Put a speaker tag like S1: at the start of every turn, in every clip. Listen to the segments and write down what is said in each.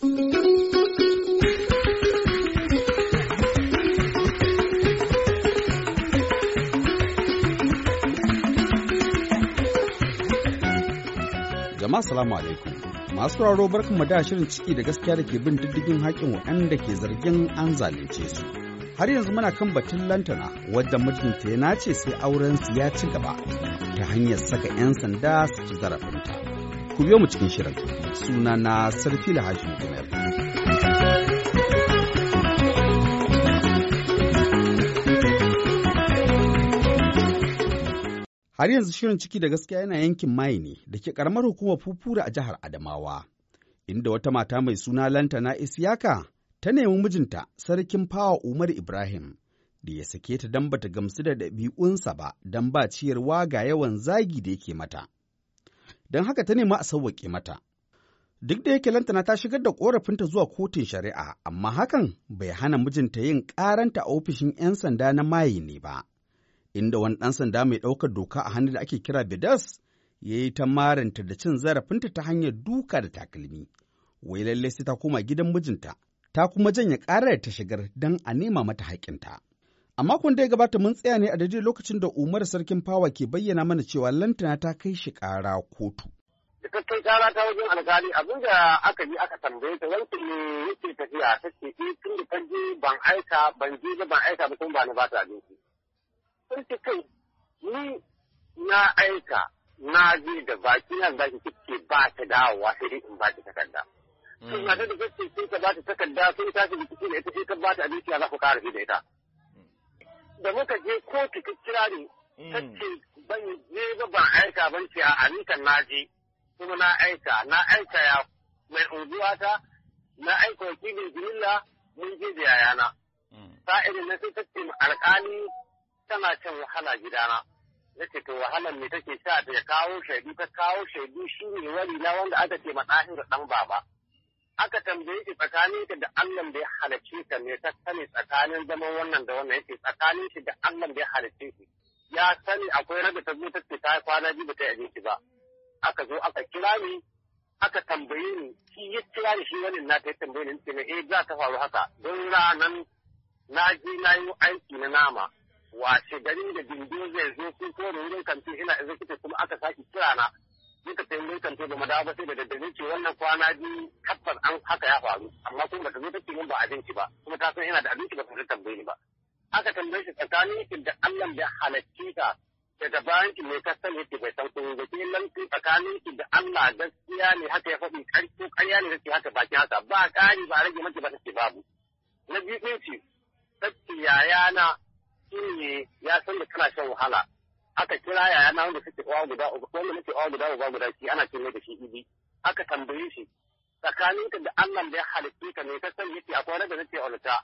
S1: Jama'a salamu alaikum. Masu sauraro barkanmu da shirin ciki da gaskiya da ke bin diddigin haƙƙin waɗanda ke zargin an zalunce su. Har yanzu muna kan batun lantana wadda mijinta ya nace sai auren su ya ci gaba ta hanyar saka 'yan sanda su ci zarafinta. ku biyo mu cikin shirin suna na sarfi lahashin gumel. Har yanzu shirin ciki da gaskiya yana yankin mai ne da ke karamar hukumar fufura a jihar Adamawa, inda wata mata mai suna Lantana Isiyaka ta nemi mijinta sarkin fawa Umar Ibrahim da ya sake ta don bata gamsu da ɗabi'unsa ba don ba ciyarwa ga yawan zagi da yake mata. don haka ta nema a sauwaƙe mata. Duk da yake lantana ta shigar da ƙorafinta zuwa kotun shari'a, amma hakan bai hana mijinta yin ƙaranta a ofishin 'yan sanda na maye ne ba, inda wani ɗan sanda mai ɗaukar doka a hannu da ake kira Bidas ya yi ta maranta da cin zarafinta ta hanyar duka da takalmi. Wai lallai sai ta koma gidan mijinta, ta kuma janye ƙarar ta shigar don a nema mata haƙƙinta. A makon da ya gabata mun tsaya ne a daidai lokacin da Umar Sarkin Fawa ke bayyana mana cewa lantana ta kai shi ƙara kotu.
S2: Da ta ta wajen alkali abin da aka yi aka tambaye ta wanke ne yake tafiya ta ce eh tun da kan je ban aika ban je ba ban aika ba kuma ba ni ba ta abinci. Sun ce kai ni na aika na je da baki nan za ki ba ta dawowa sai dai in ba ki takarda. Hmm. Sun na da kake sai ta ba ta takarda sai ta da kike da ita sai ta ba ta abinci za ku kara da ita. da muka je kotu ta kira hmm. ta ce ban je ba ba aika ban ce a amikan na je kuma na aika na aika ya mai unguwa ta na aika wakilin jimilla mun je da yayana irin hmm. na sai ta ce alkali tana can wahala gidana na ce to wahalar me take sha ta kawo shaidu ta kawo shaidu shine ne wani na wanda aka ce ma da ɗan baba. aka tambaye shi tsakanin da Allah bai ya halicce ka ne sani tsakanin zaman wannan da wannan yake tsakanin shi da Allah bai ya halicce shi ya sani akwai rabi ta zuta ce ta kwana biyu ta yi ki ba aka zo aka kira ni aka tambaye ni shi ya kira ni shi wani na ta tambaye ni ce eh za ta faru haka don ranan na ji na yi aiki na nama wace gari da dindo zai zo sun kuma wurin kantin ina executive kuma aka sake kira na kasance ba mu dawo ba sai da daddare ce wannan kwana biyu tabbas an haka ya faru amma kuma bata zo ta ba abinci ba kuma ta san ina da abinci ba ta tambaye ni ba aka tambaye shi tsakanin ki da Allah da halacci ka daga bayan ki mai kasan yake bai san komai ba ke nan ki tsakanin ki da Allah gaskiya ne haka ya faɗi ko ƙarya ne kake haka baki haka ba ƙari ba rage miki ba take babu na biyu ce yaya na shi ne ya san da kana shan wahala aka kira yaya na wanda suke uwa guda wanda muke uwa guda uba guda shi ana ce da shi ibi aka tambaye shi tsakaninka da Allah da ya halitta ka ne ka san yake akwai wanda nake aulata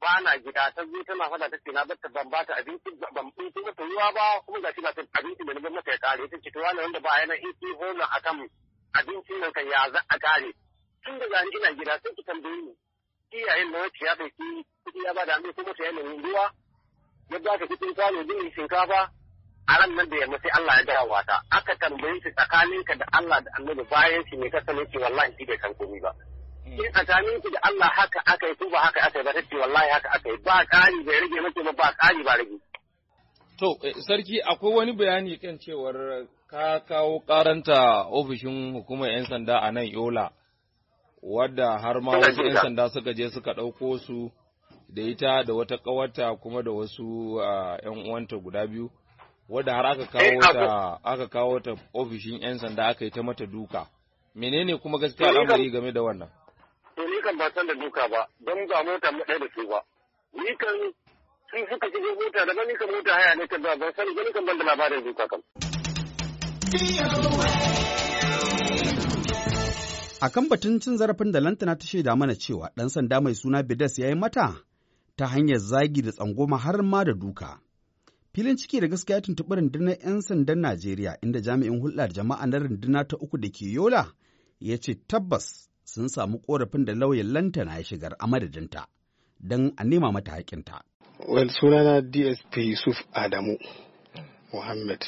S2: ba na gida ta zo tana fada ta ce na bata ban ba abinci ban fito ta ruwa ba kuma gashi ba ta abinci da nan mata ya kare ta ce to wani wanda ba yana in ki hona akan abincin nan kan ya za a kare tun da zan ina gida sai ki tambaye ni iyayen na wacce ya bai ki kuɗi ya ba da ni kuma sai ne ruwa ya ba ka kuɗin kwano gini shinkafa a ran nan da yamma sai Allah ya gaya wata aka tambaye shi tsakaninka da Allah da annabi bayan shi ne sani ce wallahi shi bai san komai ba hmm. in a ki da Allah haka aka yi ko ba haka aka yi ba tace wallahi haka aka yi ba ƙari bai rage mace ba ba ƙari ba rage
S3: to eh, sarki akwai wani bayani kan cewar ka kawo karanta ofishin hukumar 'yan sanda a nan Yola wadda har ma wasu 'yan sanda suka je suka ɗauko su da ita da wata ƙawarta kuma da wasu 'yan ah, uwanta guda biyu wadda har aka kawo eh, ta aka kawo ta ofishin yan sanda aka yi ta mata duka menene kuma gaskiya al'amari game da wannan
S2: to ni kan ba san da duka ba don ga mota mu da su ba ni kan sun suka shige mota da ni kan mota haya ne ta ba ban san ba ni kan ban da labarin duka kan
S1: A kan batun cin zarafin da lantana ta shaida mana cewa ɗan sanda mai suna Bidas ya yi mata ta hanyar zagi da tsangoma har ma da duka. Filin ciki da gaskiya tuntuɓi rundunar 'yan sandan Najeriya inda jami'in hulɗar jama'a na runduna ta uku da ke Yola ya ce tabbas sun samu korafin da lauyan lantana ya shigar a madadinta don a nema mata haƙinta.
S3: Well, sunana DSP Yusuf Adamu Muhammad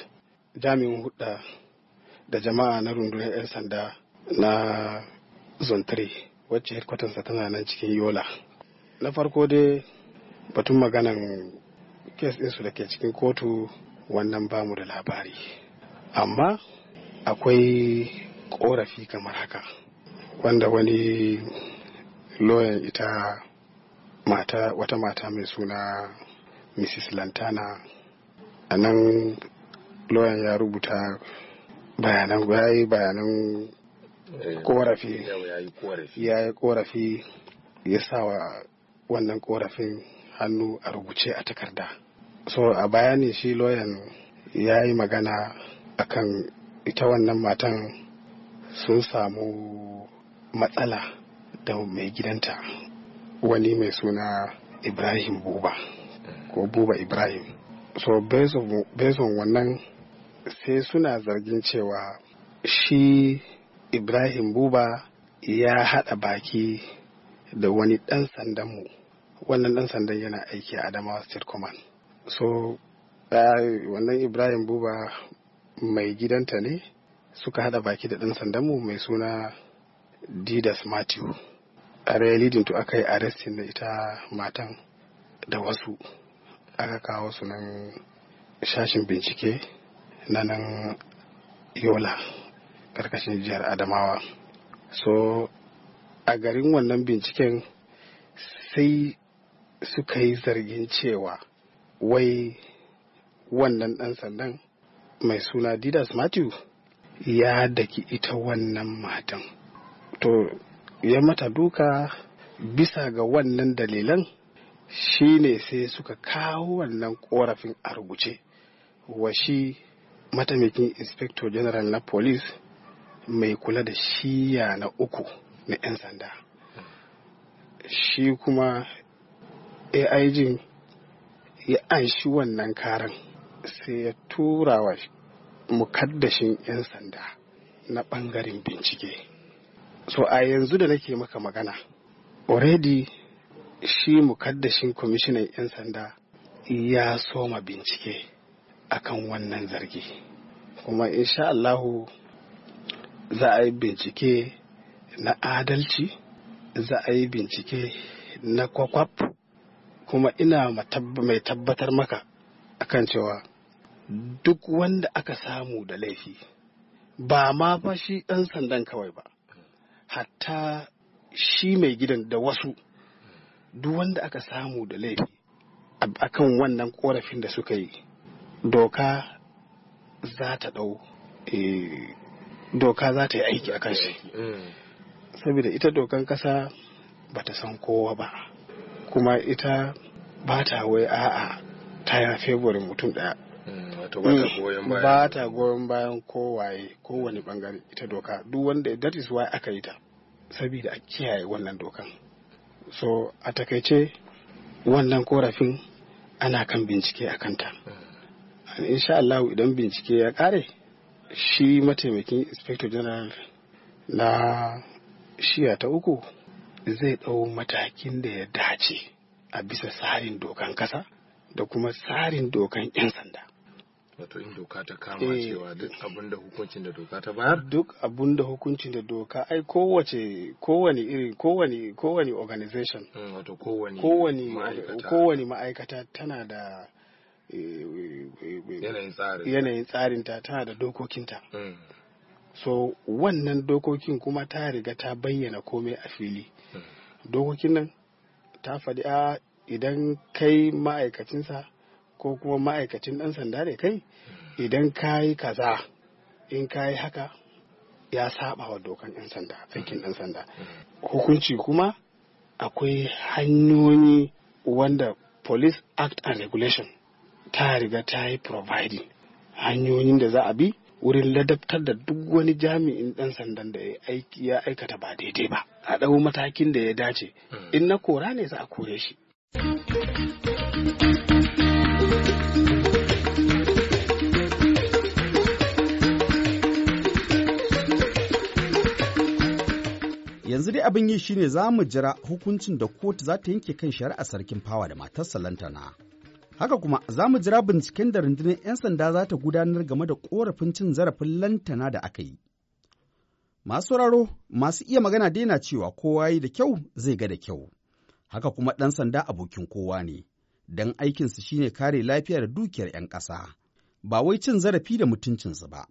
S3: jami'in hulɗa da jama'a na rundunar 'yan sanda na zontri wacce headquarters tana nan cikin Yola. Na farko dai batun maganan kes su da ke cikin kotu wannan bamu da labari amma akwai korafi kamar haka wanda wani loyan ita mata wata mata mai suna mrs lantana a nan loyan ya rubuta bayanan ya bayanan korafi eh, ya yi korafi ya sa wa wannan korafin hannu a rubuce a takarda so a bayani shi loyan ya yi magana akan ita wannan matan sun samu matsala da mai gidanta wani mai suna ibrahim buba ko buba ibrahim so bezon wannan sai suna zargin cewa shi ibrahim buba ya haɗa baki da wani ɗan sandanmu wannan ɗan sandan yana aiki a adamawa state command so wannan ibrahim buba mai gidanta ne suka hada baki da ɗan mu mai suna didas matthew a realidin to aka yi arrestin da ita matan da wasu aka kawo su nan shashin bincike na nan yola karkashin jihar adamawa so a garin wannan binciken sai suka yi zargin cewa wai wannan ɗan sandan mai suna didas matthew ya daki ita wannan matan to ya mata duka bisa ga wannan dalilan shine sai suka kawo wannan korafin a rubuce wa shi mataimakin inspector general na police mai kula da shiya na uku na 'yan sanda shi kuma aijin ya anshi wannan karan sai ya tura wa mukaddashin 'yan sanda na ɓangaren bincike so a yanzu da nake maka magana already shi mukaddashin kwamishinan 'yan sanda ya soma bincike akan wannan zargi kuma insha Allahu za a yi bincike na adalci za a yi bincike na kwakwaf kuma ina mai tabbatar maka akan cewa duk wanda aka samu da laifi ba ma fa shi ɗan sandan kawai ba hatta shi mai gidan da wasu duk wanda aka samu da laifi akan wannan korafin da suka yi doka za ta ɗau
S2: eh,
S3: doka za ta yi aiki akan shi eh. saboda ita dokan ƙasa ba ta san kowa ba kuma ita ba ta wai a'a ta yi favorin mutum daya mm, ba mm, ta goyon bayan kowaye kowane bangare ita doka duk wanda that is why aka yi ta saboda a kiyaye wannan dokan so a takaice wannan korafin ana kan bincike a kanta mm. insha Allah idan bincike ya kare shi mataimakin inspector general na shiya ta uku zai ɗau matakin da ya dace a bisa tsarin dokan kasa da kuma tsarin dokan 'yan sanda. Wato in doka ta kama eh. cewa duk abin da hukuncin da doka ta bayar? Duk abin da hukuncin da doka ai kowace kowane irin kowane kowane organization. Mm, wato kowane ma'aikata. Kowane ma'aikata tana da eh, eh, yanayin tsarin ta tana da dokokinta. Mm. So wannan dokokin kuma ta riga ta bayyana komai a fili. dokokin nan ta faɗi a idan kai ma'aikacinsa ko kuma ma'aikacin ɗan sanda da kai idan ka yi kaza in ka yi haka ya saba wa dokan ɗan sanda aikin ɗan sanda hukunci kuma akwai hanyoyi wanda police act and regulation ta riga ta yi providing hanyoyin da za a bi wurin ladabtar da duk wani jami'in ɗan sandan da ya aikata ba daidai ba a ɗau matakin da ya dace hmm. in na kora ne za a kore shi.
S1: yanzu dai abin yi shine za mu jira hukuncin da kotu za ta yanke kan shari'a sarkin fawa da matarsa lantana Haka kuma za mu jira binciken da rundunar 'yan sanda za ta gudanar game da korafin cin zarafin lantana da aka yi. Masu sauraro masu iya magana daina cewa kowa yi da kyau zai ga da kyau. Haka kuma ɗan sanda abokin kowa ne, don aikinsu shine kare lafiya da dukiyar 'yan ƙasa, ba wai cin zarafi da mutuncinsu ba.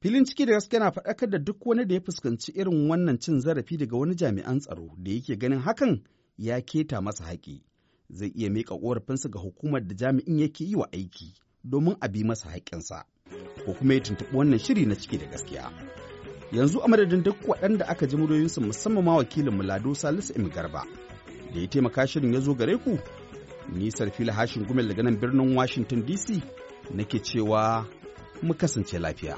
S1: Filin ciki da gaske na faɗakar da duk wani da ya fuskanci irin wannan cin zarafi daga wani jami'an tsaro da yake ganin hakan ya keta masa haƙi. zai iya mika ƙorafinsa ga hukumar da jami'in yake yi wa aiki domin a bi masa haƙƙinsa ko kuma ya tuntuɓi wannan shiri na ciki da gaskiya. Yanzu a madadin duk waɗanda aka ji muryoyinsu musamman ma wakilin Mulado Salisu Im Garba da ya taimaka shirin ya zo gare ku. Ni Sarfila Hashin Gumel daga nan birnin Washington DC nake cewa mu kasance lafiya.